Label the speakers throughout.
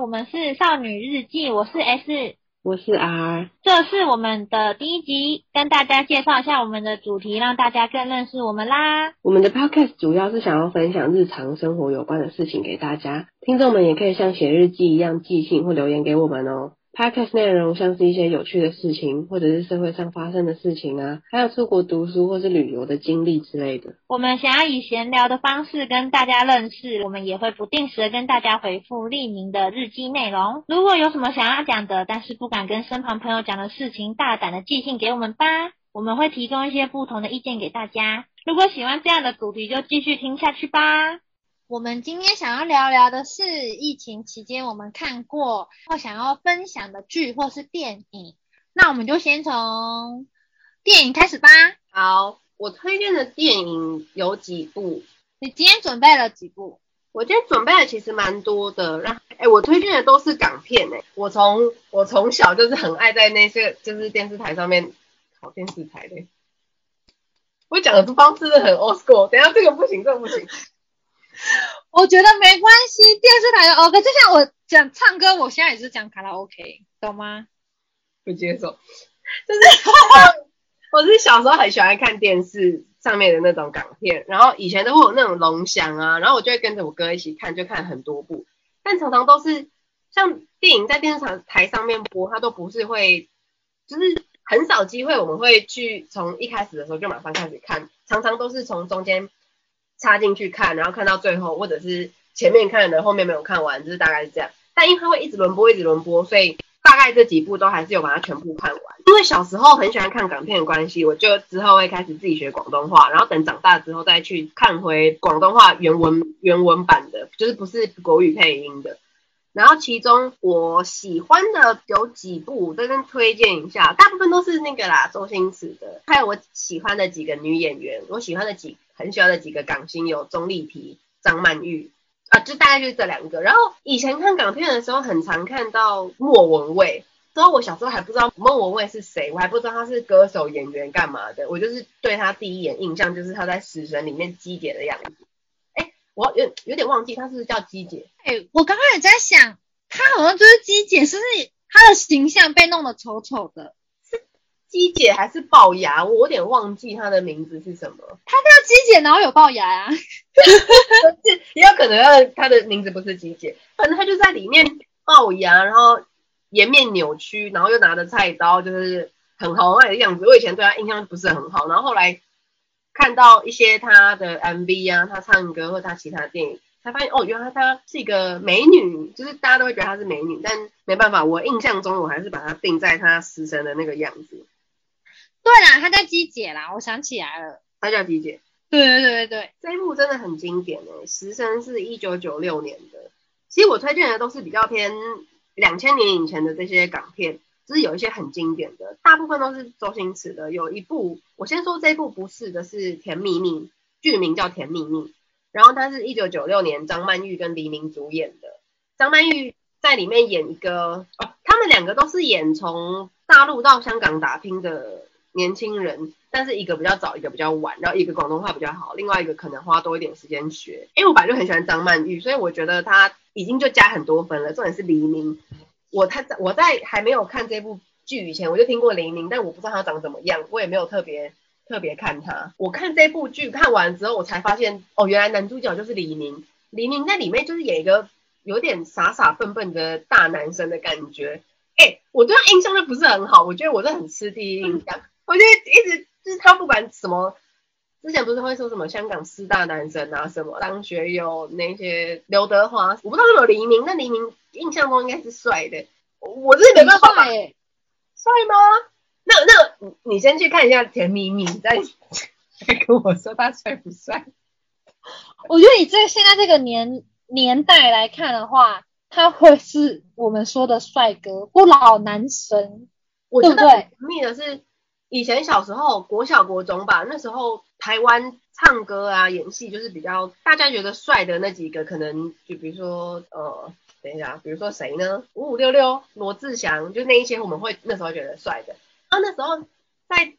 Speaker 1: 我們是少女日記，我是 S。我是 R，這是我們的第一集，跟大家介紹一下我們的主題，讓大家更認識我們啦。
Speaker 2: 我們的 Podcast 主要是想要分享日常生活有關的事情給大家，聽眾們也可以像寫日記一樣寄信或留言給我們哦。Podcast 內容像是一些有趣的事情，或者是社會上發生的事情啊，還有出國讀書或是旅遊的經歷之類的。
Speaker 1: 我們想要以閒聊的方式跟大家認識，我們也會不定時的跟大家回復匿名的日記內容。如果有什麼想要講的，但是不敢跟身旁朋友講的事情，大膽的寄信給我們吧，我們會提供一些不同的意見給大家。如果喜歡這樣的主題，就繼續聽下去吧。我們今天想要聊聊的是疫情期間我們看過或想要分享的劇或是電影。那
Speaker 2: 我們就先從電影開始吧。好，我推薦的電影有幾部。你今天準備了幾部？我今天準備的其實蠻多的。讓，哎，我推薦的都是港片誒，欸，我從我從小就是很愛在那些就是電視台上面，看電視台的，欸。我講的方式是很 old school。等下這個不行，這個不行。 我覺得沒關係，電視台的
Speaker 1: OK。哦，就像我講唱歌，我現在也是講卡拉 OK，懂嗎？
Speaker 2: 不接受，就 是 我是小時候很喜歡看電視上面的那種港片，然後以前都會有那種龍翔啊，然後我就會跟着我哥一起看，就看很多部，但常常都是像電影在電視台上面播，它都不是會，就是很少機會我們會去從一開始的時候就馬上開始看，常常都是從中間。插進去看，然後看到最後，或者是前面看的，後面沒有看完，就是大概是這樣。但因為它會一直輪播，一直輪播，所以大概這幾部都還是有把它全部看完。因為小時候很喜歡看港片的關係，我就之後會開始自己學廣東話，然後等長大之後再去看回廣東話原文原文版的，就是不是國語配音的。然後其中我喜歡的有幾部，這邊推薦一下，大部分都是那個啦，周星馳的，還有我喜歡的幾個女演員，我喜歡的幾。很喜歡的幾個港星有鍾麗緹、張曼玉啊，就大概就是這兩個。然後以前看港片的時候，很常看到莫文蔚。然後我小時候還不知道莫文蔚是誰，我還不知道他是歌手、演員幹嘛的。我就是對他第一眼印象就是他在《食神》裡面雞姐的樣子。哎、欸，我有有點忘記他是不是叫雞姐。哎、欸，我剛剛也在想，他好像就是雞姐，是不是他的形象被弄得醜醜的？雞姐還是齙牙，我有點忘記她的名字是什麼。她叫雞姐，然後有齙牙呀。 也有可能她的名字不是雞姐，反正她就在裡面齙牙，然後顏面扭曲，然後又拿着菜刀，就是很豪邁的樣子。我以前對她印象不是很好，然後後來看到一些她的 MV 啊，她唱歌或她其他電影，才發現哦，原來她，她是一個美女，就是大家都會覺得她是美女，但沒辦法，我印象中我還是把她定在她失聲的那個樣子。對啦、啊，她叫姬姐啦，我想起來了，她叫姬姐。對對對對對，這一部真的很經典呢、欸。《食神》是一九九六年的，其實我推薦的都是比較偏兩千年以前的這些港片，只、就是有一些很經典的，大部分都是周星馳的。有一部，我先說這部不是的，是《甜蜜蜜》，劇名叫《甜蜜蜜》，然後它是一九九六年張曼玉跟黎明主演的，張曼玉在裡面演一個，哦，他們兩個都是演從大陸到香港打拼的。年輕人，但是一個比較早，一個比較晚，然後一個廣東話比較好，另外一個可能花多一點時間學。因為我本來就很喜歡張曼玉，所以我覺得他已經就加很多分了。重點是黎明，我他在我在還沒有看這部劇以前，我就聽過黎明，但我不知道他長怎麼樣，我也沒有特別特別看他。我看這部劇看完之後，我才發現哦，原來男主角就是黎明。黎明在裡面就是演一個有點傻傻笨笨的大男生的感覺。哎，我對他印象就不是很好，我覺得我是很吃第一印象。 我就一直就是他，不管什麼之前不是會說什麼香港四大男神啊，什麼張學友那些劉德華，我不知道有沒有黎明。那黎明印象中應該是帥的，我這是沒辦法。帥欸，帥嗎？那那你先去看一下《甜蜜蜜》再，再 再跟我說他帥不帥？
Speaker 1: 我覺得以這現在這個年
Speaker 2: 年代來看的話，
Speaker 1: 他會是我們說的帥哥，不老男神，我覺得對？
Speaker 2: 蜜的是。對以前小時候國小國中吧，那時候台灣唱歌啊、演戲就是比較大家覺得帥的那幾個，可能就比如說呃，等一下，比如說誰呢？五五六六羅志祥，就那一些我們會那時候覺得帥的。然後、啊、那時候在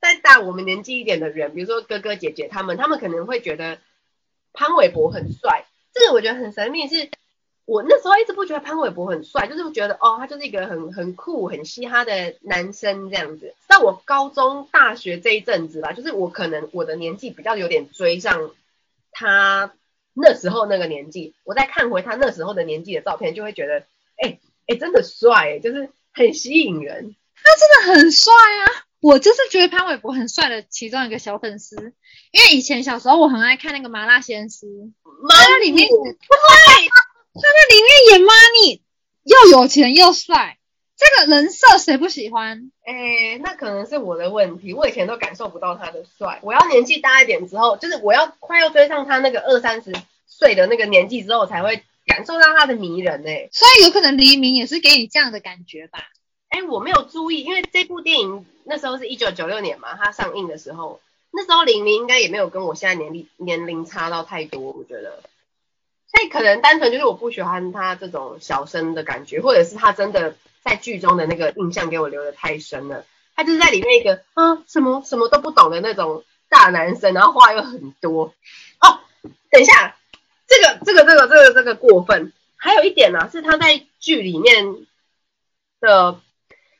Speaker 2: 在大我們年紀一點的人，比如說哥哥姐姐他們，他們可能會覺得潘瑋柏很帥。這個我覺得很神秘，是。我那時候一直不覺得潘瑋柏很帥，就是覺得哦，他就是一個很很酷，很嘻哈的男生這樣子。到我高中，大學這一陣子吧，就是我可能我的年紀比較有點追上他那時候那個年紀。我再看回他那時候的年紀的照片，就會覺得，哎，欸，哎，欸，真的帥，欸，就是很吸引人。他真的很帥啊！我就是覺得潘瑋柏很帥的其中一個小粉絲，因為以前
Speaker 1: 小時候我很愛看那個《麻辣鮮師》，麻辣裡面。對。 他在裡面演嗎？ 林也媽，你又有錢又帥，這個人設誰不喜歡？
Speaker 2: 哎、欸，那可能是我的問題，我以前都感受不到他的帥，我要年紀大一點之後，就是我要快要追上他那個二三十歲的那個年紀之後，才會感受到他的迷人呢、欸。所以有可能黎明也是給你這樣的感覺吧？哎、欸，我沒有注意，因為這部電影那時候是一九九六年嘛，他上映的時候，那時候黎明應該也沒有跟我現在年齡年齡差到太多，我覺得。所以可能單純就是我不喜歡他這種小生的感覺，或者是他真的在劇中的那個印象給我留得太深了。他就是在裡面一個啊、嗯、什麼什麼都不懂的那種大男生，然後話又很多。哦，等一下，這個這個這個這個這個過分。還有一點呢、啊，是他在劇裡面的，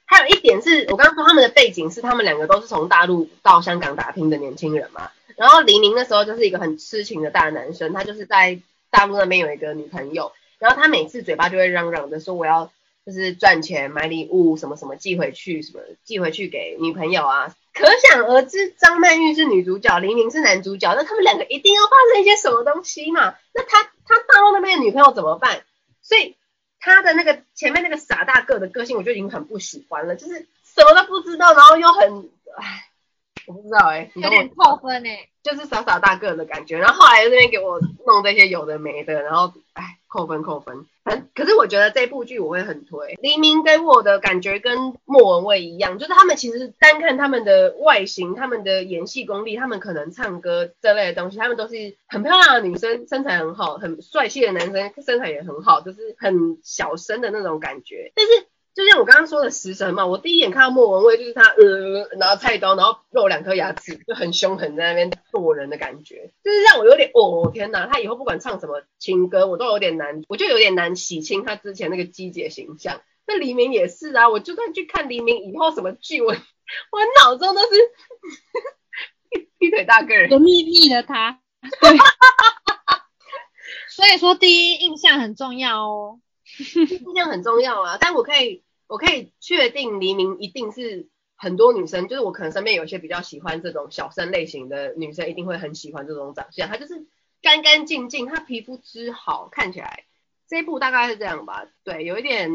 Speaker 2: 還有一點是我剛剛說他們的背景是他們兩個都是從大陸到香港打拼的年輕人嘛。然後黎明那時候就是一個很痴情的大男生，他就是在。大陸那邊有一個女朋友，然後他每次嘴巴就會嚷嚷着說，我要就是賺錢買禮物什麼什麼寄回去，什麼寄回去給女朋友啊。可想而知，張曼玉是女主角，黎明是男主角，那他們兩個一定要發生一些什麼東西嘛？那他他大陸那邊的女朋友怎麼辦？所以他的那個前面那個傻大個的個性，我就已經很不喜歡了，就是什麼都不知道，然後又很唉。我不知道哎、欸，有點
Speaker 1: 扣分哎、
Speaker 2: 欸，就是傻傻大個人的感覺。然後後來那邊給我弄這些有的沒的，然後哎，扣分扣分。可是我覺得這部劇我會很推，黎明跟我的感覺跟莫文蔚一樣，就是他們其實單看他們的外形、他們的演戲功力、他們可能唱歌這類的東西，他們都是很漂亮的女生，身材很好，很帥氣的男生，身材也很好，就是很小生的那種感覺，但是。就像我剛剛說的食神嘛，我第一眼看到莫文蔚就是他，呃，拿菜刀，然後露兩顆牙齒，就很兇狠在那邊剁人的感覺。就是讓我有點，哦天哪，他以後不管唱什麼情歌，我都有點難，我就有點難洗清他之前那個雞姐形象。那黎明也是啊，我就算去看黎明以後什麼劇，我我腦中都是劈 腿大個人，油膩膩的他。 所以說第一印象很重要哦。 這樣很重要啊，但我可以，我可以確定黎明一定是很多女生，就是我可能身邊有一些比較喜歡這種小生類型的女生，一定會很喜歡這種長相，她就是乾乾淨淨，她皮膚之好，看起來。這一部大概是這樣吧，對，有一點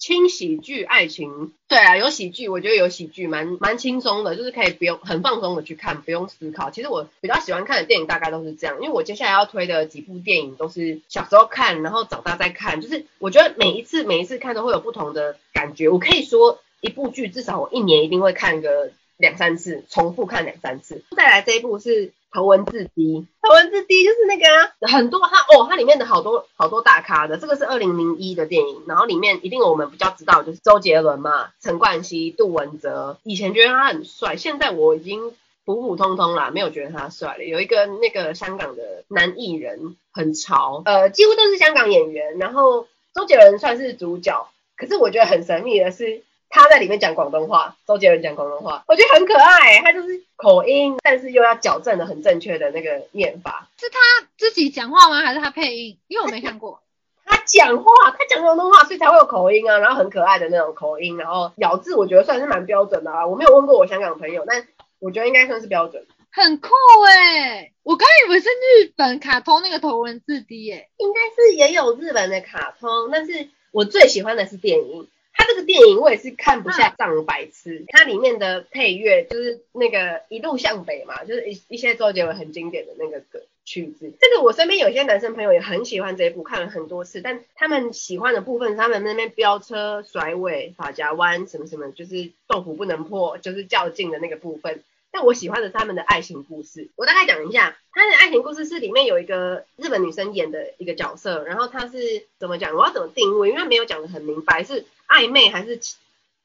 Speaker 2: 輕喜劇愛情，對啊，有喜劇，我覺得有喜劇蠻蠻輕鬆的，就是可以不用很放鬆的去看，不用思考。其實我比較喜歡看的電影大概都是這樣，因為我接下來要推的幾部電影都是小時候看，然後長大再看，就是我覺得每一次每一次看都會有不同的感覺。我可以說一部劇至少我一年一定會看個兩三次，重複看兩三次。再來這一部是。頭文字 D，頭文字 D 就是那個啊，很多他哦，它裡面的好多好多大咖的，這個是二零零一的電影，然後裡面一定我們比較知道的就是周杰倫嘛，陳冠希、杜汶澤，以前覺得他很帥，現在我已經普普通通啦，沒有覺得他帥了。有一個那個香港的男藝人很潮，呃，幾乎都是香港演員，然後周杰倫算是主角，可是我覺得很神秘的是。他在裡面講廣東話，周杰倫講廣東話，我覺得很可愛、欸。他就是口音，但是又要矯正的很正確的那個唸法，
Speaker 1: 是他自己講話嗎？還是他配音？因為我沒看過，
Speaker 2: 他講話，他講廣東話，所以才會有口音啊。然後很可愛的那種口音，然後咬字我覺得算是蠻標準的啊。我沒有問過我香港朋友，但我覺得應該算是標準。
Speaker 1: 很酷哎、欸！我
Speaker 2: 剛以為是日本卡通那個頭文字 D 耶、欸，應該是也有日本的卡通，但是我最喜歡的是電影。它這個電影我也是看不下上百次。啊、它裡面的配樂就是那個一路向北嘛，就是一一些周杰倫很經典的那個曲子。這個我身邊有些男生朋友也很喜歡這一部，看了很多次，但他們喜歡的部分是他們那邊飆車、甩尾、髮夾彎什麼什麼，就是豆腐不能破，就是較勁的那個部分。但我喜歡的是他們的愛情故事。我大概講一下，他的愛情故事是裡面有一個日本女生演的一個角色，然後他是怎麼講？我要怎麼定位？因為沒有講得很明白是。曖昧還是？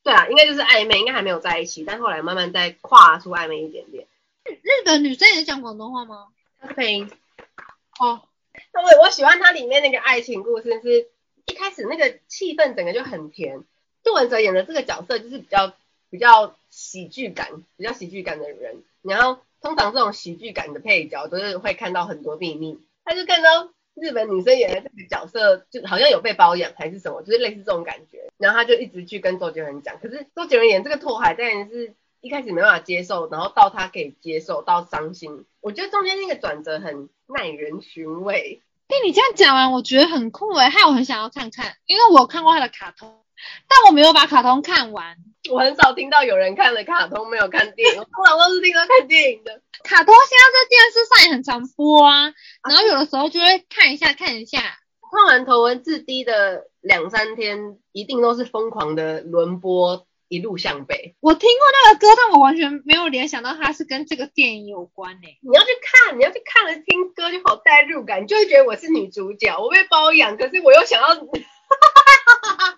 Speaker 2: 對啊，應該就是曖昧，應該還沒有在一起，但後來慢慢再跨出曖昧一點點。日本女生也講廣東話嗎？她是配音。哦，那我我喜歡它裡面那個愛情故事是，是一開始那個氣氛整個就很甜。杜汶澤演的這個角色就是比較比較喜劇感，比較喜劇感的人。然後通常這種喜劇感的配角都是會看到很多秘密，他就看到。日本女生演的這個角色就好像有被包養還是什麼，就是類似這種感覺。然後她就一直去跟周杰倫講，可是周杰倫演這個拓海，但是一開始沒辦法接受，然後到他可以接受到傷心，我覺得中間那個轉折很耐人尋味。
Speaker 1: 誒，你這樣講完，我覺得很酷哎、欸，害我很想要看看，因為我看過他的卡通。但我沒有把卡通看完，
Speaker 2: 我很少聽到有人看了卡通沒有看電影，我通常都是聽到看電影的。 卡通現在在電視上也很
Speaker 1: 常播啊，然後有的時候就會看一下看一下。
Speaker 2: 啊、看完頭文字 D 的兩三天，一定都是瘋狂的輪播，一路向北。我聽過那個歌，但我完全沒有聯想到它是跟這個電影有關。欸、你要去看，你要去看了聽歌就好代入感，你就會覺得我是女主角，我被包養，可是我又想要。 哈哈哈，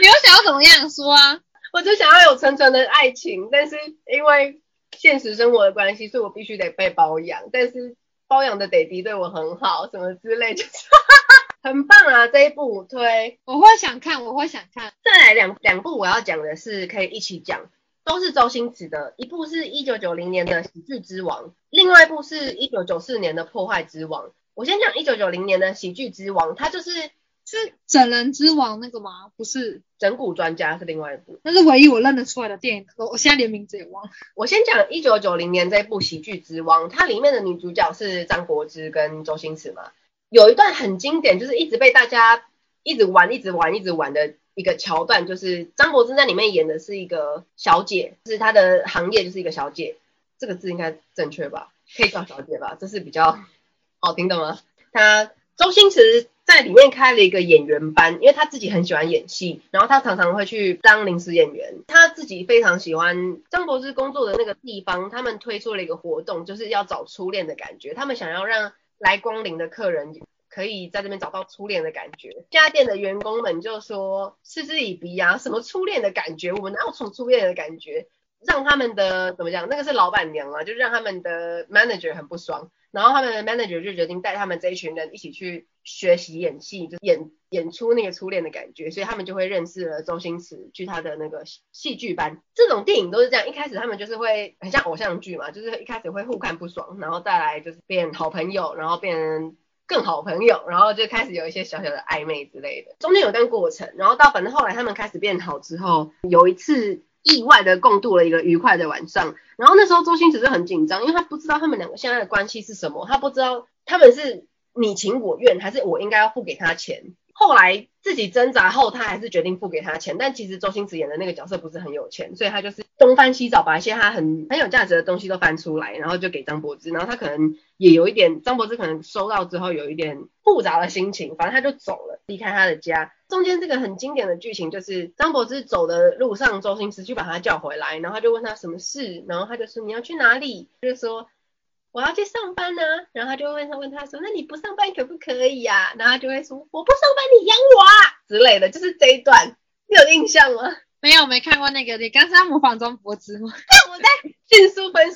Speaker 2: 你又想要怎麼樣說啊？我就想要有純純的愛情，但是因為現實生活的關係，所以我必須得被包養。但是包養的爹地對我很好，什麼之類，就是哈哈哈哈哈， 很棒啊！這一部推我會想看，我會想看。再來兩兩部，我要講的是可以一起講，都是周星馳的。一部是一九九零年的《喜劇之王》，另外一部是一九九四年的《破壞之王》。我先講一九九零年的《喜劇之王》，它就是。是整
Speaker 1: 人之王那個嗎？
Speaker 2: 不是，整蠱專家是另外一部。那
Speaker 1: 是唯一我認得出來的電影，我我現在連
Speaker 2: 名字也忘了我先講一九九零年這部喜劇之王，它裡面的女主角是張柏芝跟周星馳嘛。有一段很經典，就是一直被大家一直玩、一直玩、一直玩的一個橋段，就是張柏芝在裡面演的是一個小姐，就是她的行業就是一個小姐，這個字應該正確吧？可以叫小姐吧，這是比較好聽的嗎？她周星馳。在裡面開了一個演員班，因為他自己很喜歡演戲，然後他常常會去當臨時演員。他自己非常喜歡張柏芝工作的那個地方，他們推出了一個活動，就是要找初戀的感覺。他們想要讓來光臨的客人可以在這邊找到初戀的感覺。這家店的員工們就說嗤之以鼻啊，什麼初戀的感覺，我們哪有什麼初戀的感覺，讓他們的，怎麼講，那個是老闆娘啊，就讓他們的 manager 很不爽。然後他們的 manager 就決定帶他們這一群人一起去學習演戲，就演演演出那個初戀的感覺，所以他們就會認識了周星馳，去他的那個戲劇班。這種電影都是這樣，一開始他們就是會很像偶像劇嘛，就是一開始會互看不爽，然後再來就是變好朋友，然後變更好朋友，然後就開始有一些小小的曖昧之類的。中間有段過程，然後到反正後來他們開始變好之後，有一次。意外的共度了一個愉快的晚上，然後那時候周星馳就很緊張，因為他不知道他們兩個現在的關係是什麼，他不知道他們是你情我願，還是我應該要付給他錢。後來自己掙扎後，他還是決定付給他錢。但其實周星馳演的那個角色不是很有錢，所以他就是東翻西找，把一些他很很有價值的東西都翻出來，然後就給張柏芝。然後他可能也有一點，張柏芝可能收到之後有一點複雜的心情，反正他就走了，離開他的家。中間這個很經典的劇情就是張柏芝走的路上，周星馳就把他叫回來，然後他就問他什麼事，然後他就說你要去哪裡，就是說。我要去上班呢、啊，然後他就問他問他說：“那你不上班可不可以呀、啊？”然後他就會說：“我不上班，你養我啊！”之類的，就是這一段，你有印象嗎？沒有，沒看過那個。你剛才模仿張柏芝嗎？ 我在迅速分析，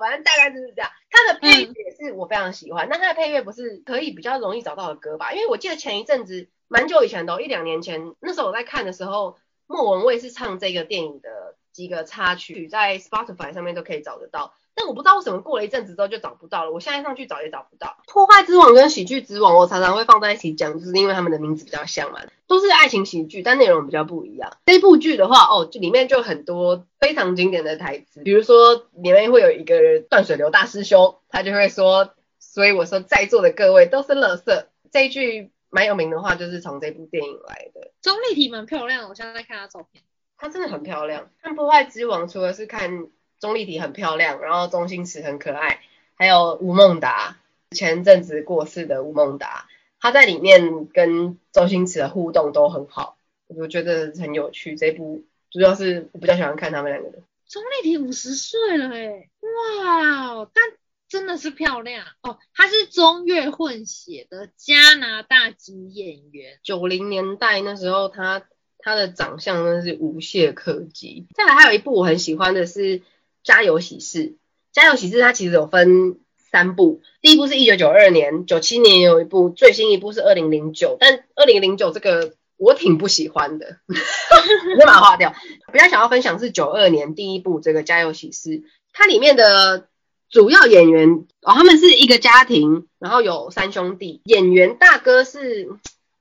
Speaker 2: 反正大概就是這樣。他的配樂是我非常喜歡，嗯、那他的配樂不是可以比較容易找到的歌吧？因為我記得前一陣子，蠻久以前的、哦，一兩年前，那時候我在看的時候，莫文蔚是唱這個電影的幾個插曲，在 Spotify 上面都可以找得到。但我不知道為什麼過了一陣子之後就找不到了，我現在上去找也找不到。破壞之王跟喜劇之王，我常常會放在一起講，就是因為他們的名字比較像嘛，都是愛情喜劇，但內容比較不一樣。這部劇的話，哦，就裡面就很多非常經典的台詞，比如說裡面會有一個斷水流大師兄，他就會說，所以我說在座的各位都是垃圾。這一句蠻有名的話，就是從這部電影來的。
Speaker 1: 鍾麗緹蠻漂亮，我現在在看她照片，
Speaker 2: 她真的很漂亮。看破壞之王，除了是看。鍾麗緹很漂亮，然後周星馳很可愛，還有吳孟達，前陣子過世的吳孟達，他在裡面跟周星馳的互動都很好，我覺得很有趣。這部主要是我比較喜歡看他們兩個的。
Speaker 1: 鍾麗緹五十歲了哎、欸，哇哦，但真的是漂亮哦，她、oh, 是
Speaker 2: 中越混血的加拿大籍演員。九零年代那時候他，她她的長相真的是無懈可擊。再來，還有一部我很喜歡的是。《家有喜事》，《家有喜事》它其實有分三部，第一部是一九九二年，九七年也有一部，最新一部是二零零九，但二零零九這個我挺不喜歡的，別把它劃掉。比較想要分享是九二年第一部這個《家有喜事》，它裡面的主要演員哦，他們是一個家庭，然後有三兄弟，演員大哥是，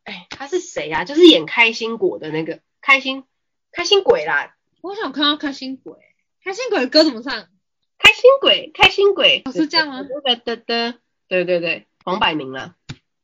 Speaker 2: 哎，他是誰啊？就是演開心果的那個開心開心鬼啦，我想看到開心鬼。開心鬼的歌怎麼唱？開心鬼，開心鬼，哦，是這樣嗎？噠噠噠，對對對，黃百鳴了。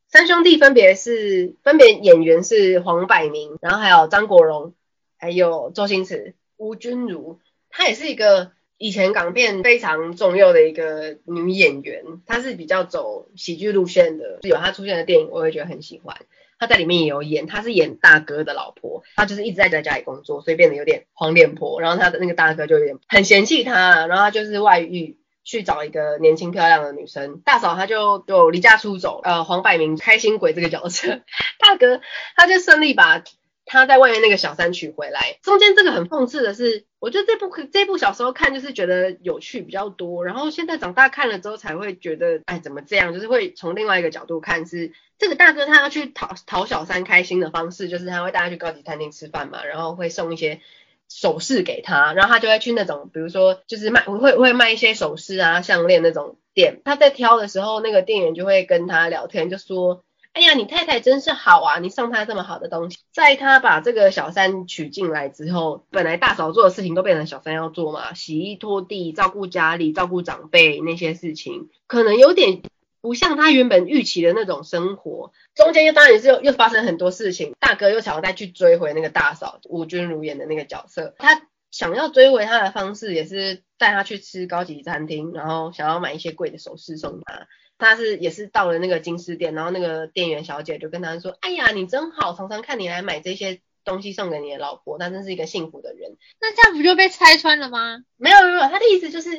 Speaker 2: 三兄弟分別是，分別演員是黃百鳴，然後還有張國榮，還有周星馳，吳君如。她也是一個以前港片非常重要的一個女演員，她是比較走喜劇路線的，有她出現的電影，我也覺得很喜歡。他在裡面也有演，他是演大哥的老婆，他就是一直在在家裡工作，所以變得有點黃臉婆。然後他的那個大哥就有點很嫌棄他，然後他就是外遇去找一個年輕漂亮的女生，大嫂他就就離家出走。呃，黃百鳴開心鬼這個角色，大哥他就順利把他在外面那個小三娶回來。中間這個很諷刺的是。我覺得這部這部小時候看就是覺得有趣比較多，然後現在長大看了之後才會覺得，哎，怎麼這樣？就是會從另外一個角度看是，是這個大哥他要去討討小三開心的方式，就是他會帶他去高級餐廳吃飯嘛，然後會送一些首飾給他，然後他就會去那種，比如說就是賣會會賣一些首飾啊項鏈那種店，他在挑的時候，那個店員就會跟他聊天，就說。哎呀，你太太真是好啊！你送她這麼好的東西，在她把這個小三娶進來之後，本來大嫂做的事情都變成小三要做嘛，洗衣拖地、照顧家裡、照顧長輩那些事情，可能有點不像她原本預期的那種生活。中間又當然是又，又發生很多事情，大哥又想要再去追回那個大嫂，吳君如演的那個角色，他想要追回她的方式也是帶她去吃高級餐廳，然後想要買一些貴的首飾送她。他是也是到了那個金飾店，然後那個店員小姐就跟他說：“哎呀，你真好，常常看你來買這些東西送給你的老婆，他真是一個幸福的人。”
Speaker 1: 那這樣不就被拆穿了嗎？
Speaker 2: 沒有沒有，他的意思就是，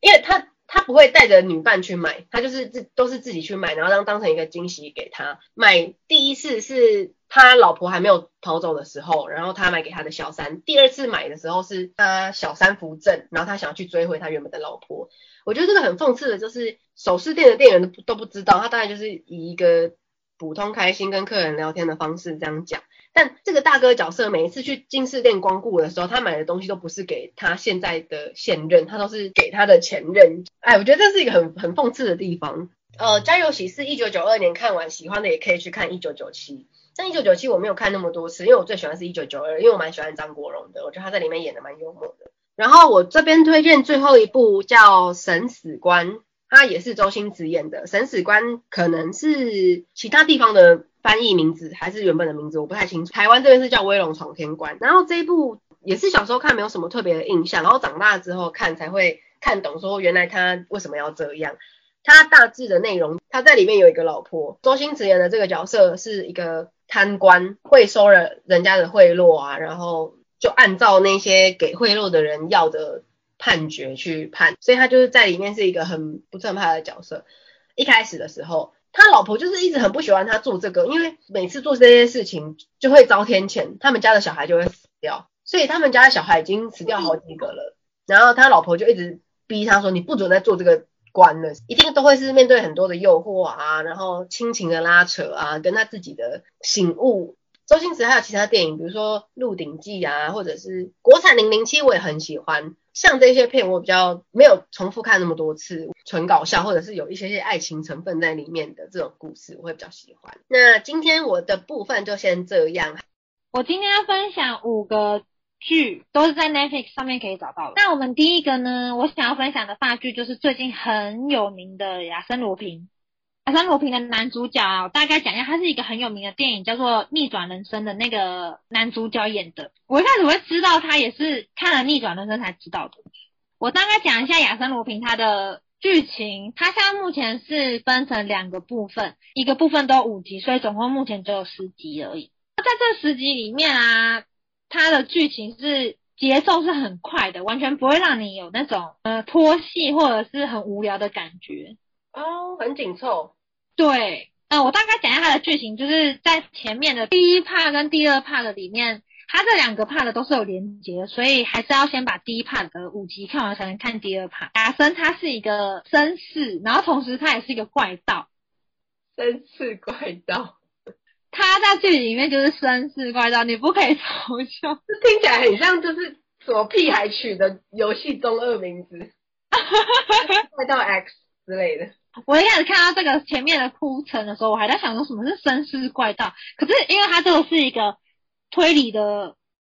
Speaker 2: 因為他他不會帶着女伴去買，他就是自都是自己去買，然後當當成一個驚喜給他。買第一次是他老婆還沒有逃走的時候，然後他買給他的小三；第二次買的時候是他小三扶正，然後他想要去追回他原本的老婆。我覺得這個很諷刺的，就是首飾店的店員都不都不知道，他大概就是以一個普通開心跟客人聊天的方式這樣講。但這個大哥的角色每一次去金飾店光顧的時候，他買的東西都不是給他現在的現任，他都是給他的前任。哎，我覺得這是一個很很諷刺的地方。呃，家有喜事一九九二年看完喜歡的也可以去看一九九七，但一九九七我沒有看那麼多次，因為我最喜歡是一九九二，因為我蠻喜歡張國榮的，我覺得他在裡面演的蠻幽默的。然後我這邊推薦最後一部叫《審死官》，他也是周星馳演的。《審死官》可能是其他地方的翻譯名字，還是原本的名字，我不太清楚。台灣這邊是叫《威龍闖天關》。然後這一部也是小時候看，沒有什麼特別的印象。然後長大之後看才會看懂，說原來他為什麼要這樣。他大致的內容，他在裡面有一個老婆，周星馳演的這個角色是一個貪官，會收人人家的賄賂啊，然後。就按照那些給賄賂的人要的判決去判，所以他就是在裡面是一個很不正派的角色。一開始的時候，他老婆就是一直很不喜歡他做這個，因為每次做這些事情就會遭天譴，他們家的小孩就會死掉。所以他們家的小孩已經死掉好幾個了。然後他老婆就一直逼他說：“你不准再做這個官了，一定都會是面對很多的誘惑啊，然後親情的拉扯啊，跟他自己的醒悟。”周星馳還有其他電影，比如說《鹿鼎記》啊，或者是國產《零零七》，我也很喜歡。像這些片，我比較沒有重複看那麼多次，純搞笑，或者是有一些些愛情成分在裡面的這種故事，我會比較喜歡。那今天我的部分就先這樣。
Speaker 1: 我今天要分享五個劇，都是在 Netflix 上面可以找到的。那我們第一個呢，我想要分享的法劇就是最近很有名的《亞森羅平》。亞森羅蘋的男主角，我大概講一下，他是一個很有名的電影，叫做《逆轉人生》的那個男主角演的。我一開始會知道他，也是看了《逆轉人生》才知道的。我大概講一下亞森羅蘋他的劇情，他現在目前是分成兩個部分，一個部分都有五集，所以總共目前只有十集而已。在這十集裡面啊，他的劇情是節奏是很快的，完全不會讓你有那種呃拖戲或者是很無聊的感覺。
Speaker 2: 哦，很緊湊。
Speaker 1: 對，嗯、呃，我大概講一下它的劇情，就是在前面的第一 part 跟第二 part 的裡面，它這兩個 part 的都是有連接的，所以還是要先把第一 part 的五集看完才能看第二 part。亞森他是一個紳士，然後同時他也是一個怪盜，紳士怪盜。他在劇裡面就是紳士
Speaker 2: 怪盜，你不可以嘲笑，這聽起來很像就是左屁孩取的遊戲中二名字， 怪盜 X 之類的。我一開始看到
Speaker 1: 這個前面的鋪陳的時候，我還在想說什麼是紳士怪盜。可是因為它這個是一個推理的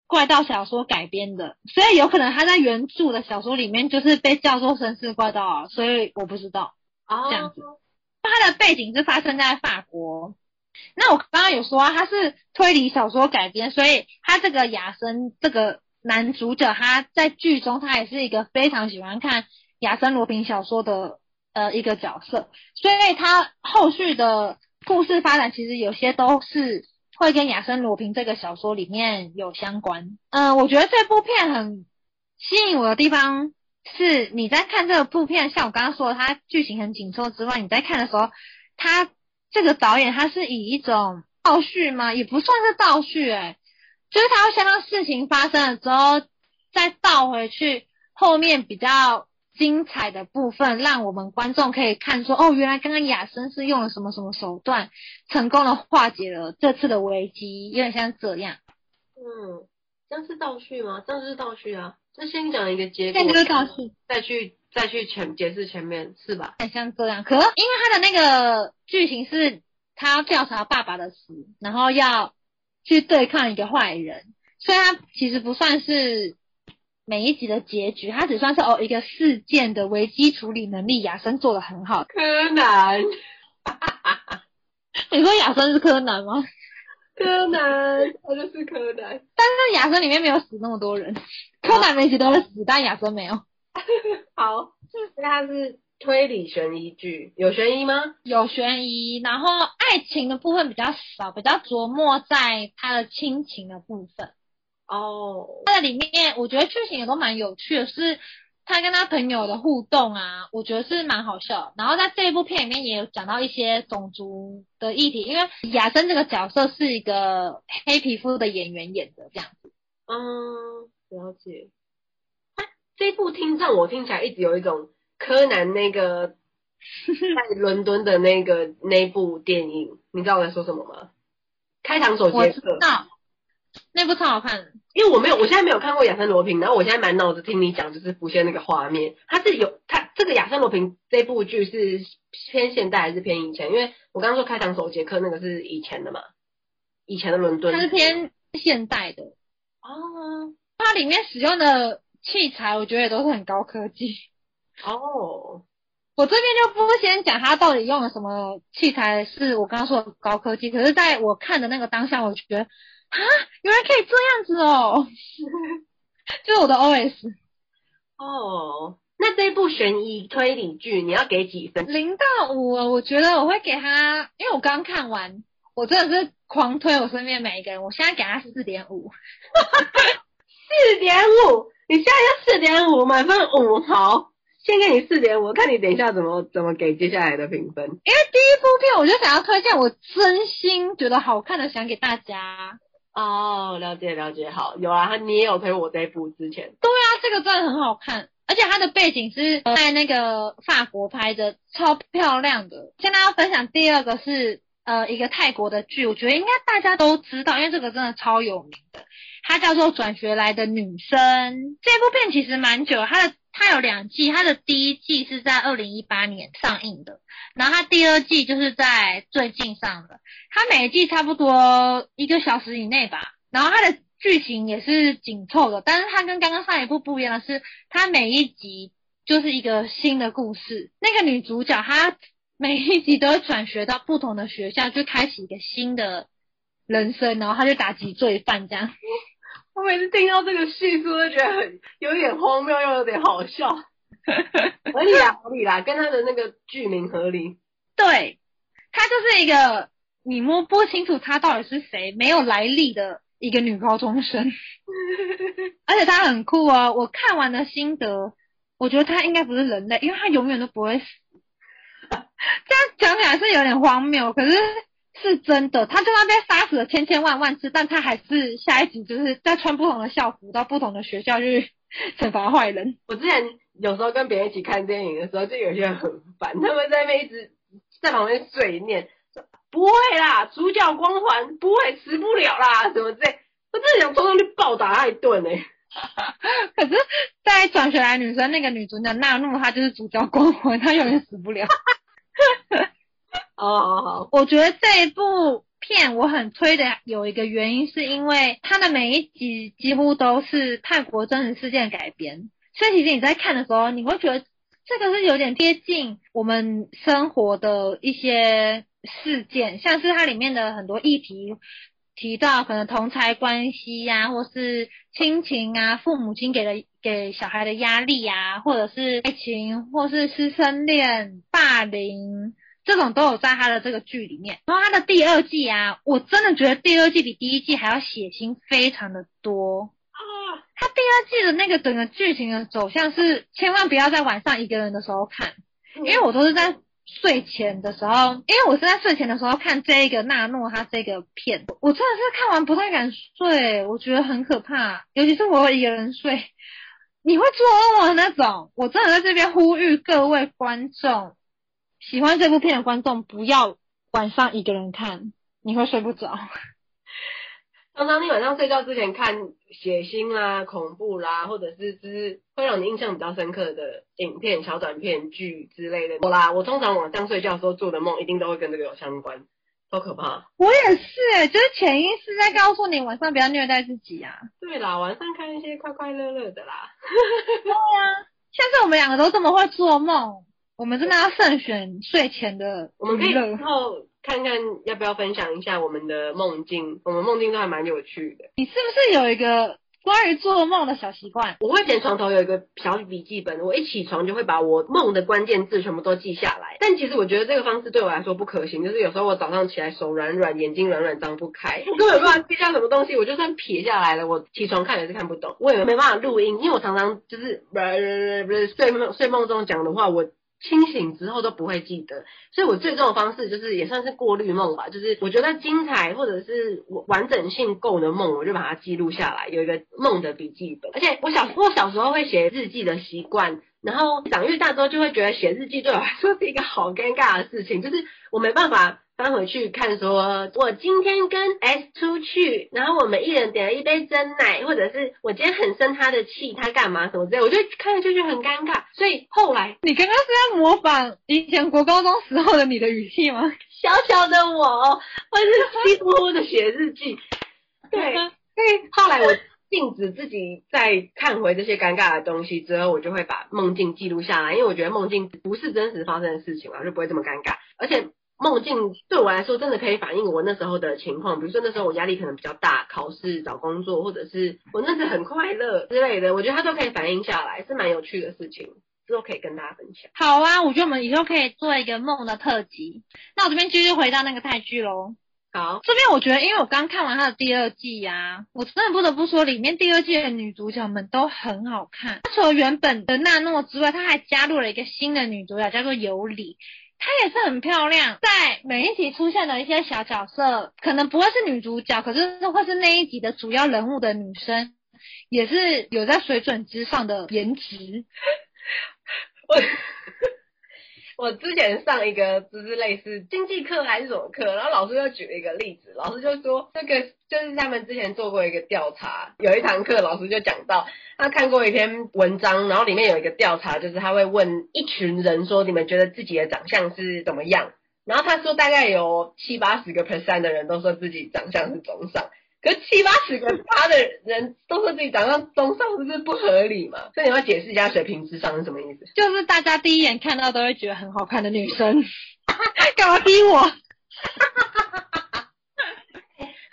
Speaker 1: 怪盜小說改編的，所以有可能他在原著的小說裡面就是被叫做紳士怪盜啊，所以我不知道。哦，這樣子。他、oh. 的背景是發生在法國。那我剛剛有說啊，他是推理小說改編，所以他這個雅森這個男主角他在劇中他也是一個非常喜歡看雅森羅平小說的。的、呃、一個角色，所以它後續的故事發展其實有些都是會跟《亞森羅蘋》這個小說裡面有相關。嗯、呃，我覺得這部片很吸引我的地方是，你在看這個部片，像我剛剛說的，它劇情很緊湊之外，你在看的時候，它這個導演他是以一種倒敘嗎？也不算是倒敘，誒，就是他要先讓事情發生了之後再倒回去，後面比較。精彩的部分，讓我們觀眾可以看出，哦，原來剛剛亞生是用了什麼什麼手段，成功的化解了這次的危機，有點像這樣。嗯，這
Speaker 2: 是倒敘嗎？這是倒敘啊，就先講一個結果，序，再去再去前解釋前面，是吧？像這樣，可因為他的那
Speaker 1: 個劇情是他要調查爸爸的死，然後要去對抗一個壞人，所以他其實不算是。每一集的結局，它只算是哦，一個事件的危機處理能力，亞森做的很好。
Speaker 2: 柯南，
Speaker 1: 你說亞森是柯南嗎？柯南，
Speaker 2: 他就是柯南。
Speaker 1: 但是亞森裡面沒有死那麼多人，好柯南每集都會死，但亞森沒有。好，這
Speaker 2: 是他是推理懸疑劇，有懸疑嗎？
Speaker 1: 有懸疑，然後愛情的部分比較少，比較著墨在他的親情的部分。哦，那、oh, 的裡面我覺得劇情也都蠻有趣的，是他跟他朋友的互動啊，我覺得是蠻好笑。然後在這一部片裡面也有講到一些種族的議題，因為亞森這個角色是一個黑皮膚的
Speaker 2: 演員演的這樣子。嗯，了解、啊。這一部聽上我聽起來一直有一種柯南那個在倫敦的那個那一部電影， 你知道我在說什麼嗎？開膛手傑克。
Speaker 1: 那部超好看，
Speaker 2: 因為我沒有，我現在沒有看過《亞森羅蘋》，然後我現在滿腦子聽你講，就是浮現那個畫面。它是有它這個《亞森羅蘋》這部劇是偏現代還是偏以前？因為我剛剛說開膛手傑克那個是以前的嘛，以前的倫敦。它是偏
Speaker 1: 現代的
Speaker 2: 哦。
Speaker 1: 它裡面使用的器材我覺得也都是很高科技
Speaker 2: 哦。
Speaker 1: 我這邊就不先講它到底用了什麼器材，是我剛剛說的高科技，可是在我看的那個當下，我覺得。
Speaker 2: 啊，原來可以這樣子哦！就是我的 O S。哦，那這一部懸疑推理劇你要給幾分？零到五，我覺
Speaker 1: 得我會給他，因為我剛看完，我真的是狂推我身邊每一個人。我現在給他四點五。
Speaker 2: 四點五？你現在要四點五，滿分五，好，先給你四點五，看你等一下怎麼怎麼給接下來的評分。因
Speaker 1: 為第一部片，我就想要
Speaker 2: 推薦我真心覺得好看的，想給大家。哦，oh, 了解了解，好，有啊，你也有推我這一部之前。
Speaker 1: 對啊，這個真的很好看，而且它的背景是在那個法國拍的，超漂亮的。現在要分享第二個是呃一個泰國的劇，我覺得應該大家都知道，因為這個真的超有名的，它叫做《轉學來的女生》。這一部片其實蠻久，它的。它有兩季，它的第一季是在二零一八年上映的，然後它第二季就是在最近上的。它每一季差不多一個小時以內吧，然後它的劇情也是緊湊的，但是它跟剛剛上一部不一樣的是，它每一集就是一個新的故事。那個女主角她每一集都要轉學到不同的學校去開啟一個新的人生，然後她就打擊罪犯這樣。
Speaker 2: 我每次聽到這個敘述，都覺得很有點荒謬，又有點好笑。 合理啦，合理啦，跟他的那個劇名合理。對，
Speaker 1: 他就是一個你摸不清楚他到底是誰、沒有來歷的一個女高中生。 而且他很酷啊、哦！我看完的心得，我覺得他應該不是人類，因為他永遠都不會死。這樣講起來是有點荒謬，可是。是真的，他在那邊殺死了千千萬萬次，但他還是下一集就是再穿不同的校服到不同的學校去懲罰壞人。我
Speaker 2: 之前有時候跟別人一起看電影的時候，就有些人很煩，他們在那邊一直在旁邊碎念說不會啦，主角光環不會死不了啦什麼之類。我真的想衝上去暴打他一頓哎、欸！ 可是，在轉學來
Speaker 1: 女生那個女主角娜諾，她就是主角光環，她永遠死不了。 哦，oh, oh, oh, oh. 我覺得這一部片我很推的，有一個原因是因為它的每一集幾乎都是泰國真實事件的改編，所以其實你在看的時候，你會覺得這個是有點貼近我們生活的一些事件，像是它裡面的很多議題提到，可能同儕關係呀、啊，或是親情啊，父母親給的給小孩的壓力啊，或者是愛情，或是師生戀、霸凌。這種都有在他的這個劇裡面，然後他的第二季啊，我真的覺得第二季比第一季還要血腥，非常的多啊。他第二季的那個整個劇情的走向是千萬不要在晚上一個人的時候看，因為我都是在睡前的時候，因為我是在睡前的時候看這個娜諾他這個片，我真的是看完不太敢睡，我覺得很可怕，尤其是我一個人睡，你會做噩夢的那種。我真的在這邊呼籲各位觀眾。喜歡這部片的觀眾，不要晚上一個人看，你會睡不着。
Speaker 2: 剛剛你晚上睡覺之前看血腥啦、恐怖啦，或者是只是會讓你印象比較深刻的影片、小短片劇之類的，我啦，我通常晚上睡覺的時候做的夢，一定都會跟這個有相關，超可怕。
Speaker 1: 我也是、欸，哎，就是潛意識在告訴你晚上不要虐待自己啊。
Speaker 2: 對啦，晚上看一些快快樂樂的啦。 對啊，
Speaker 1: 像是我們兩個都這麼會做夢。我們真的要慎選睡前的娛樂。我們可以然
Speaker 2: 後看看要不要分享一下我們的夢境。我們夢境都還蠻有趣的。
Speaker 1: 你是不是有一個關於做夢的小習慣？我
Speaker 2: 會剪床頭有一個小筆記本，我一起床就會把我夢的關鍵字全部都記下來。但其實我覺得這個方式對我來說不可行，就是有時候我早上起來手軟軟，眼睛軟軟張不開，我根本不知道要記下什麼東西，我就算撇下來了。我起床看也是看不懂，我也沒辦法錄音，因為我常常就是不是睡夢睡夢中講的話，我。清醒之後都不會記得，所以我最終的方式就是也算是過濾夢吧，就是我覺得精彩或者是我完整性夠的夢，我就把它記錄下來，有一個夢的筆記本。而且我小，我小時候會寫日記的習慣，然後長越大之後就會覺得寫日記對我來說是一個好尷尬的事情，就是我沒辦法。翻回去看，說我今天跟 S 出去，然後我們一人點了一杯珍奶，或者是我今天很生他的氣，他幹嘛什麼之類，我就看了下去就很尷尬。所以後來，你剛
Speaker 1: 剛是在模仿以前國高中時候的你的語氣
Speaker 2: 嗎？小小的我，或者是寂寞的寫日記。 對，所以後來我禁止自己再看回這些尷尬的東西之後，我就會把夢境記錄下來，因為我覺得夢境不是真實發生的事情嘛，就不會這麼尷尬，而且。夢境對我來說真的可以反映我那時候的情況，比如說那時候我壓力可能比較大，考試、找工作，或者是我那時候很快樂之類的，我覺得它都可以反映下來，是蠻有趣的事情，這都可以跟大家分
Speaker 1: 享。好啊，我覺得我們以後可以做一個夢的特輯。那我這邊繼續回到那個泰劇嘍。
Speaker 2: 好，
Speaker 1: 這邊我覺得，因為我剛看完它的第二季呀、啊，我真的不得不說，裡面第二季的女主角們都很好看。除了原本的娜諾之外，她還加入了一個新的女主角，叫做尤里。她也是很漂亮，在每一集出現的一些小角色，可能不會是女主角，可是會是那一集的主要人物的女生，也是有在水準之上的顏值。 我
Speaker 2: 我之前上一個就是類似經濟課還是什麼課，然後老師又舉了一個例子，老師就說這個就是他們之前做過一個調查，有一堂課老師就講到他看過一篇文章，然後裡面有一個調查，就是他會問一群人說你們覺得自己的長相是怎麼樣，然後他說大概有七八十個 percent 的人都說自己長相是中上。可七八十個趴的人都說自己長相中上，不是不合理嘛。所以你要解釋一下“水平之上”是什麼意思？
Speaker 1: 就是大家第一眼看到都會覺得很好看的女生。幹嘛
Speaker 2: 逼我？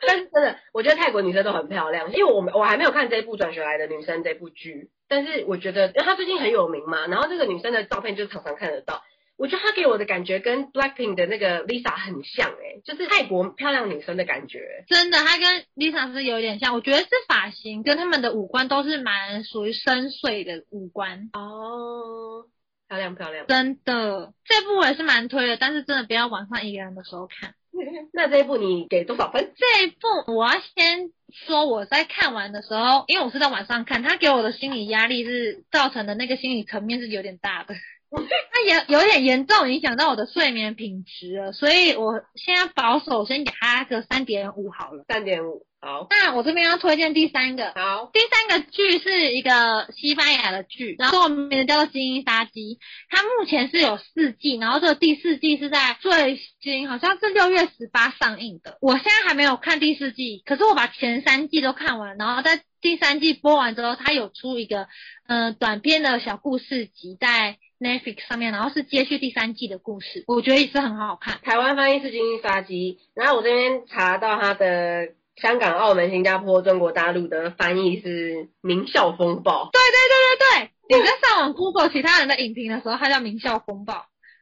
Speaker 2: 但是真的，我覺得泰國女生都很漂亮，因為我我還沒有看這部轉學來的女生這部劇，但是我覺得，因為她最近很有名嘛，然後這個女生的照片就常常看得到。我覺得她給我的感覺跟 Blackpink 的那個 Lisa 很像哎、欸，就是泰國漂亮女生的感覺。
Speaker 1: 真的，她跟 Lisa 是有點像。我覺得是髮型跟他們的五官都是蠻屬於深邃的五官。哦，oh,
Speaker 2: 漂亮漂亮。真
Speaker 1: 的，這一部也是蠻推的，但是真的不要晚上一個人的時候看。 那
Speaker 2: 這一部你給多少
Speaker 1: 分？這一部我要先說，我在看完的時候，因為我是在晚上看，她給我的心理壓力是造成的那個心理層面是有點大的。那也 有,有點嚴重影響到我的睡眠品質了，所以我現在保守先給他個三點五好了。三點五好。那我這邊要推薦第三個，好，第三個劇是一個西班牙的劇，然後名字叫做《精英殺機》，它目前是有四季，然後這個第四季是在最新，好像是六月十八上映的。我現在還沒有看第四季，可是我把前三季都看完，然後在第三季播完之後，它有出一個嗯、呃、短篇的小故事集在。Netflix 上面，然後是接續第三季的故事，我覺得也是很好看。
Speaker 2: 台灣翻譯是《菁英殺機》，然後我這邊查到他的香港、澳門、新加坡、中國大陸的翻譯是《名校風暴》。對對對對對，你在上
Speaker 1: 網 Google 其他人的影評的時候，它叫《名校風暴》。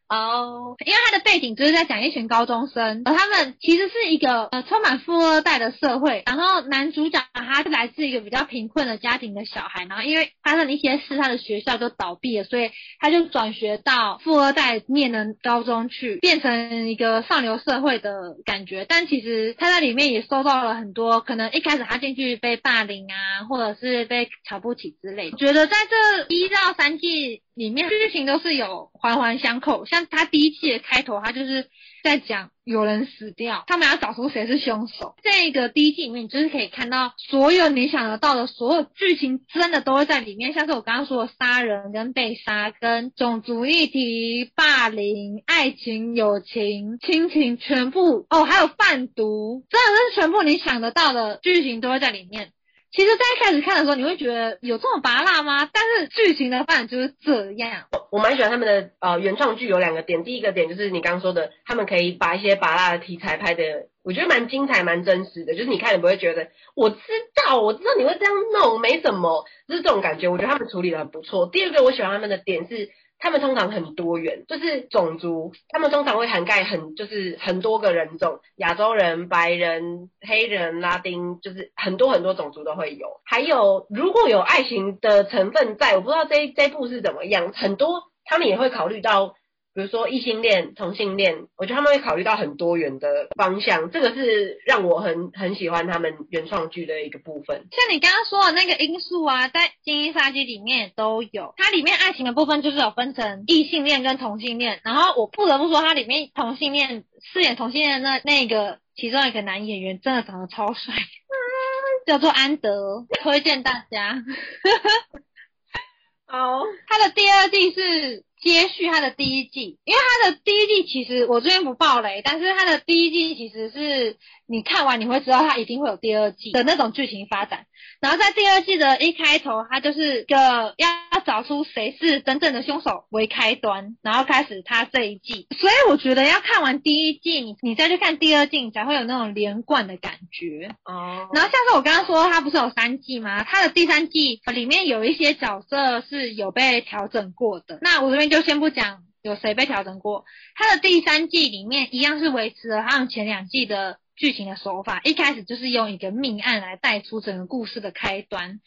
Speaker 1: 哦，oh, 因為他的背景就是在講一群高中生，而他們其實是一個呃充滿富二代的社會，然後男主角他是來自一個比較貧困的家庭的小孩，然後因為發生了一些事，他的學校就倒閉了，所以他就轉學到富二代念的高中去，變成一個上流社會的感覺，但其實他在裡面也收到了很多，可能一開始他進去被霸凌啊，或者是被瞧不起之類，覺得在這一到三季，裡面劇情都是有環環相扣，像他第一季的開頭，他就是在講有人死掉，他們要找出誰是兇手。這個第一季裡面，你就是可以看到所有你想得到的所有劇情，真的都會在裡面。像是我剛剛說的殺人跟被殺，跟種族議題、霸凌、愛情、友情、親情，全部哦，還有販毒，真的是全部你想得到的劇情都會在裡面。其實，在一開始看的時候，你會覺得有這麼芭樂嗎？但是劇情的發展就是這樣。我
Speaker 2: 我蠻喜歡他們的呃原創劇，有兩個點。第一個點就是你剛剛說的，他們可以把一些芭樂的題材拍得，我覺得蠻精彩、蠻真實的。就是你看也不會覺得，我知道，我知道你會這樣弄，沒什麼，就是這種感覺。我覺得他們處理得很不錯。第二個我喜歡他們的點是。他們通常很多元，就是種族，他們通常會涵蓋很，就是很多個人種，亞洲人、白人、黑人、拉丁，就是很多很多種族都會有。還有如果有愛情的成分在，我不知道這一這一部是怎麼樣，很多他們也會考慮到。比如說異性戀、同性戀，我覺得他們會考慮到很多元的方向，這個是讓我很很喜歡他們原創劇的一個部分。
Speaker 1: 像你剛剛說的那個因素啊，在《菁英殺機》裡面也都有，它裡面愛情的部分就是有分成異性戀跟同性戀。然後我不得不說，它裡面同性戀飾演同性戀的那那個其中一個男演員真的長得超帥，叫做安德，推薦大家。好 ，oh. 他的第二季是。接續他的第一季，因為他的第一季其實我這邊不爆雷，但是他的第一季其實是。你看完你會知道它一定會有第二季的那種劇情發展，然後在第二季的一開頭，它就是一個要找出誰是真正的凶手為開端，然後開始它這一季。所以我覺得要看完第一季，你再去看第二季你才會有那種連貫的感覺。哦，然後像是我剛剛說它不是有三季嗎？它的第三季裡面有一些角色是有被調整過的，那我這邊就先不講有誰被調整過。它的第三季裡面一樣是維持了像前兩季的。劇情的手法一開始就是用一個命案來帶出整個故事的開端，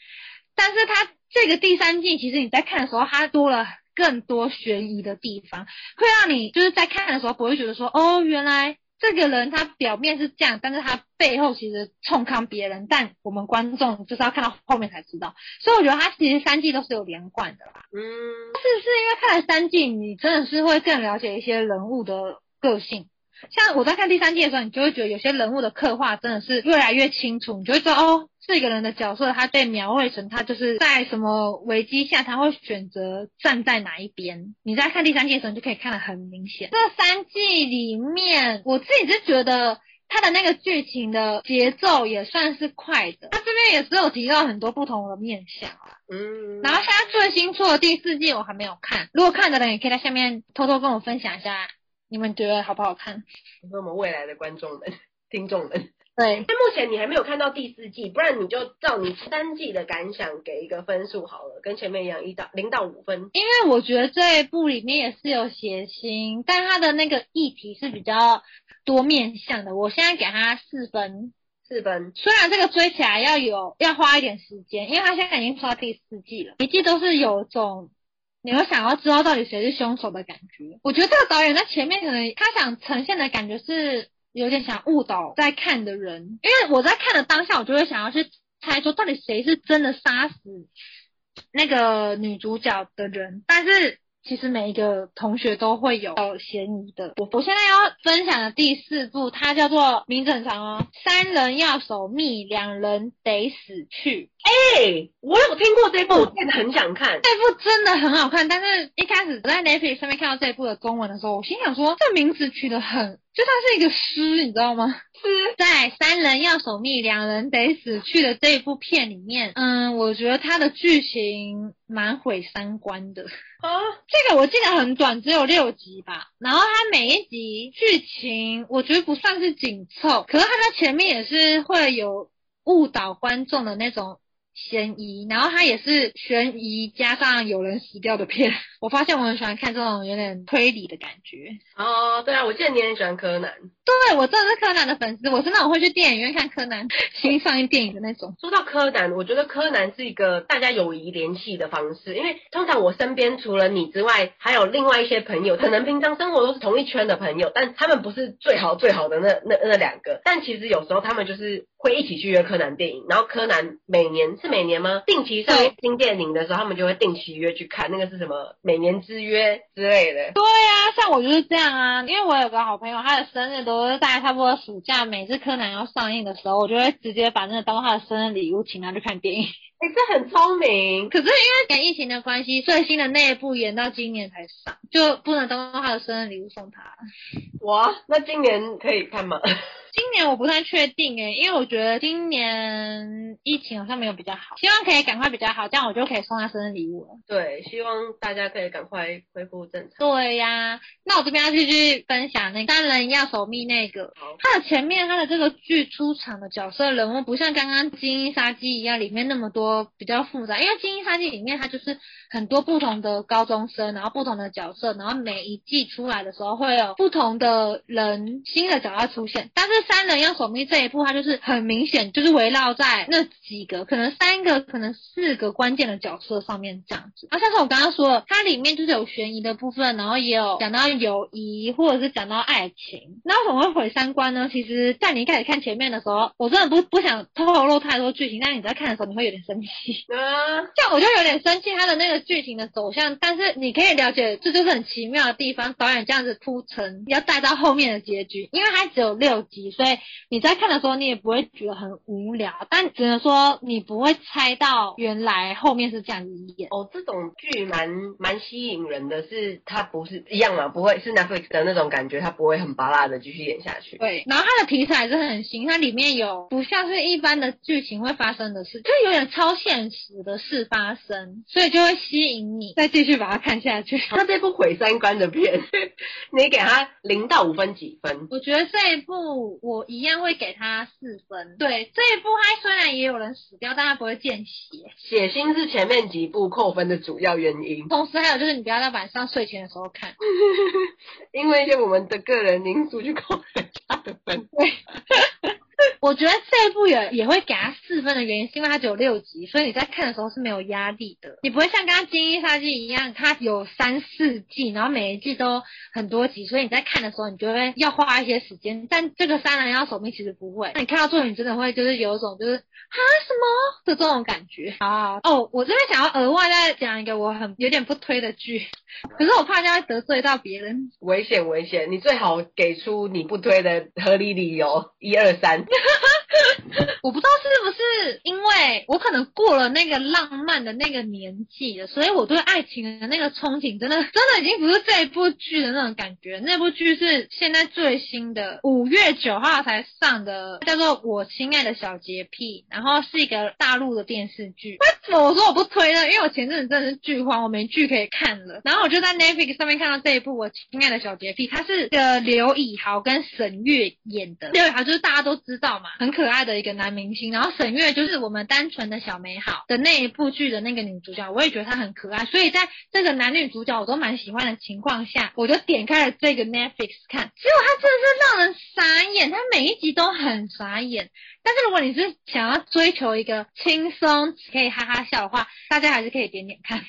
Speaker 1: 但是他這個第三季其實你在看的時候，他多了更多懸疑的地方，會讓你就是在看的時候不會覺得說，哦，原來這個人他表面是這樣，但是他背後其實衝康別人，但我們觀眾就是要看到後面才知道，所以我覺得他其實三季都是有連貫的啦，嗯，但是是因為看了三季，你真的是會更了解一些人物的個性。像我在看第三季的時候，你就會覺得有些人物的刻畫真的是越來越清楚。你就會知道哦，這個人的角色，他被描繪成他就是在什麼危機下，他會選擇站在哪一邊。你在看第三季的時候，你就可以看得很明顯。這三季裡面，我自己是覺得他的那個劇情的節奏也算是快的。他這邊也只有提到很多不同的面向啊。嗯，嗯。然後現在最新出的第四季，我還沒有看。如果看的人也可以在下面偷偷跟我分享一下。你們覺得好不好看？
Speaker 2: 你說我們未來的觀眾們、聽眾們。對。但目前你還沒有看到第四季，不然你就照你三季的感想給一個分數好了，跟前面一樣，一到零到五分。
Speaker 1: 因為我覺得這一部裡面也是有諧星，但它的那個議題是比較多面向的。我現在給他四分，
Speaker 2: 四分。
Speaker 1: 雖然這個追起來要有要花一點時間，因為他現在已經出第四季了，一季都是有種。你會想要知道到底誰是凶手的感覺。我覺得這個導演在前面可能他想呈現的感覺是有點想誤導在看的人，因為我在看的當下，我就會想要去猜說到底誰是真的殺死那個女主角的人，但是。其實每一個同學都會有嫌疑的。我我現在要分享的第四部，它叫做《名字很長哦》，三人要守密，兩人得死去。
Speaker 2: 哎、欸，我有聽過這部，我真的很想看。這部真的很好
Speaker 1: 看，但是一開始我在 Netflix 上面看到這部的中文的時候，我心想說，這名字取得很。就它是一個詩你知道嗎？詩是在三人要守密，兩人得死去的這一部片裡面，嗯，我覺得它的劇情蠻毀三觀的。哦、啊，這個我記得很短，只有六集吧。然後它每一集劇情，我覺得不算是緊湊，可是它在前面也是會有誤導觀眾的那種。懸疑，然後它也是懸疑加上有人死掉的片。 我發現我很喜歡看這種有點推理的感
Speaker 2: 覺。哦，對啊，我記得你也很喜歡柯南。
Speaker 1: 對，我真的是柯南的粉絲，我是那種會去電影院看柯南新 上映電影的那種。
Speaker 2: 說到柯南，我覺得柯南是一個大家友誼聯繫的方式，因為通常我身邊除了你之外，還有另外一些朋友，可能平常生活都是同一圈的朋友，但他們不是最好最好的那那那兩個，但其實有時候他們就是會一起去約柯南電影，然後柯南每年是。每年嗎？定期上新電影的時候，對他們就會定期約去看。那個是什麼？每年之約之類的。
Speaker 1: 對啊，像我就是這樣啊，因為我有個好朋友，他的生日都是大概差不多暑假，每次柯南要上映的時候，我就會直接把那個當做他的生日禮物，請他去看電影。哎、欸，這很聰明。可是因為跟疫情的關係，最新的那一部延到今年才上，就不能當做他的生日禮物送他。
Speaker 2: 哇，那今年可以看嗎？
Speaker 1: 今年我不太確定哎、欸，因為我覺得今年疫情好像沒有比。希望可以趕快比較好，這樣我就可以送他生日禮物了。
Speaker 2: 對，希望大家可以趕快恢復正
Speaker 1: 常。對呀、啊，那我這邊要繼續分享那個《三人要守密》那個，好他的前面他的這個劇出場的角色人物不像剛剛《精英殺機》一樣裡面那麼多比較複雜，因為《精英殺機》裡面他就是很多不同的高中生，然後不同的角色，然後每一季出來的時候會有不同的人、新的角色出現，但是《三人要守密》這一部他就是很明顯就是圍繞在那幾個可能是。三個可能四個關鍵的角色上面這樣子，啊，像是我剛剛說的，它裡面就是有懸疑的部分，然後也有講到友誼或者是講到愛情，那為什麼會毀三觀呢？其實，在你一開始看前面的時候，我真的不不想透露太多劇情，但是你在看的時候你會有點生氣，嗯，像我就有點生氣他的那個劇情的走向，但是你可以了解，這就是很奇妙的地方，導演這樣子鋪陳要帶到後面的結局，因為它只有六集，所以你在看的時候你也不會覺得很無聊，但只能說你不會。會猜到原來後面是這樣子
Speaker 2: 演哦，這種劇蠻蠻吸引人的是，是它不是一樣嘛？不會是 Netflix 的那種感覺，它不會很芭樂的繼續演下去。對，
Speaker 1: 然後它的題材還是很新，它裡面有不像是一般的劇情會發
Speaker 2: 生的事，就有點超現
Speaker 1: 實的事發生，所以就會吸引你再繼續把它
Speaker 2: 看下去。 那這部毀三觀的片，你給它零到五分幾分？我
Speaker 1: 覺得這一部我一樣會給他四分。對，這一部它雖然也有人死
Speaker 2: 掉，但不會見血，血腥是前面幾部扣分的主要原因。
Speaker 1: 同時還有就是你不要在晚上睡前的時候看， 因為些
Speaker 2: 我們的個人因素去扣人家的分。對，
Speaker 1: 我覺得這一部也也會給他死。四分的原因是因為它只有六集，所以你在看的時候是沒有壓力的，你不會像剛剛《金一殺機》一樣，它有三四季，然後每一季都很多集，所以你在看的時候你就會要花一些時間。但這個《三人要守命》其實不會，那你看到作品真的會就是有一種就是啊什麼的這種感覺啊哦，我這邊想要額外再講一個我很有點不推的
Speaker 2: 劇，可是我怕這樣會得罪到別人，危險危險，你最好給出你不推的合理理由，一二三。 我不知道是不是因
Speaker 1: 為我可能過了那個浪漫的那個年紀了，所以我對愛情的那個憧憬真的真的已經不是這一部劇的那種感覺。那部劇是現在最新的，五月九號才上的，叫做《我親愛的小潔癖》，然後是一個大陸的電視劇。為什麼我說我不推呢？因為我前陣子真的是劇荒，我沒劇可以看了，然後我就在 Netflix 上面看到這一部《我親愛的小潔癖》，它是個劉以豪跟沈月演的。劉以豪就是大家都知道嘛，很可可愛的一個男明星，然後沈月就是我們單純的小美好的那一部劇的那個女主角，我也覺得她很可愛。所以在這個男女主角我都蠻喜歡的情況下，我就點開了這個 Netflix 看，結果她真的是讓人傻眼，她每一集都很傻眼。但是如果你是想要追求一個輕鬆可以哈哈笑的話，大家還是可以點點看。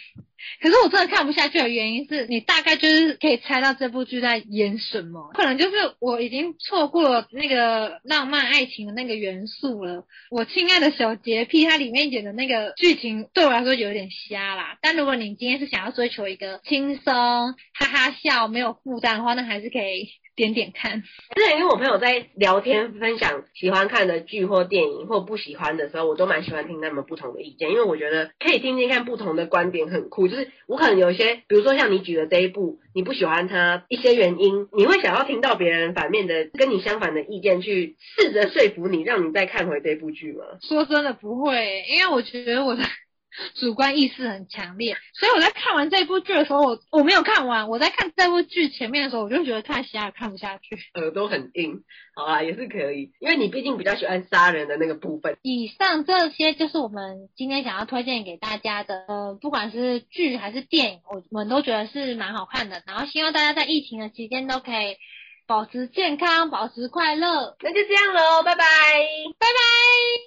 Speaker 1: 可是我真的看不下去的原因是你大概就是可以猜到這部劇在演什麼，可能就是我已經錯過了那個浪漫愛情的那個元素了。我親愛的小潔癖，它裡面演的那個劇情對我來說有點瞎啦。但如果你今天是想要追求一個輕鬆、哈哈笑、沒有負擔的話，那還是可以點
Speaker 2: 點看。之前因為我朋友在聊天分享喜歡看的劇或電影或不喜歡的時候，我都蠻喜歡聽他們不同的意見，因為我覺得可以聽聽看不同的觀點很酷。就是我可能有些，比如說像你舉的這一部，你不喜歡它一些原因，你會想要聽到別人反面的跟你相反的意見，去試着說服你，讓你再看回這部劇嗎？
Speaker 1: 說真的不會，因為我覺得我的。主觀意識很強烈，所以我在看完這部劇的時候，我我沒有看完。我在看這部劇前面的時候，我就覺得太瞎，看不下去，
Speaker 2: 耳朵很硬。好啦、啊，也是可以，因為你畢竟比較喜歡殺人的那個部分。
Speaker 1: 以上這些就是我們今天想要推薦給大家的，呃，不管是劇還是電影，我們都覺得是蠻好看的。然後希望大家在疫情的期間都可以保持健康，保持快樂。那就這樣嘍，拜拜，拜拜。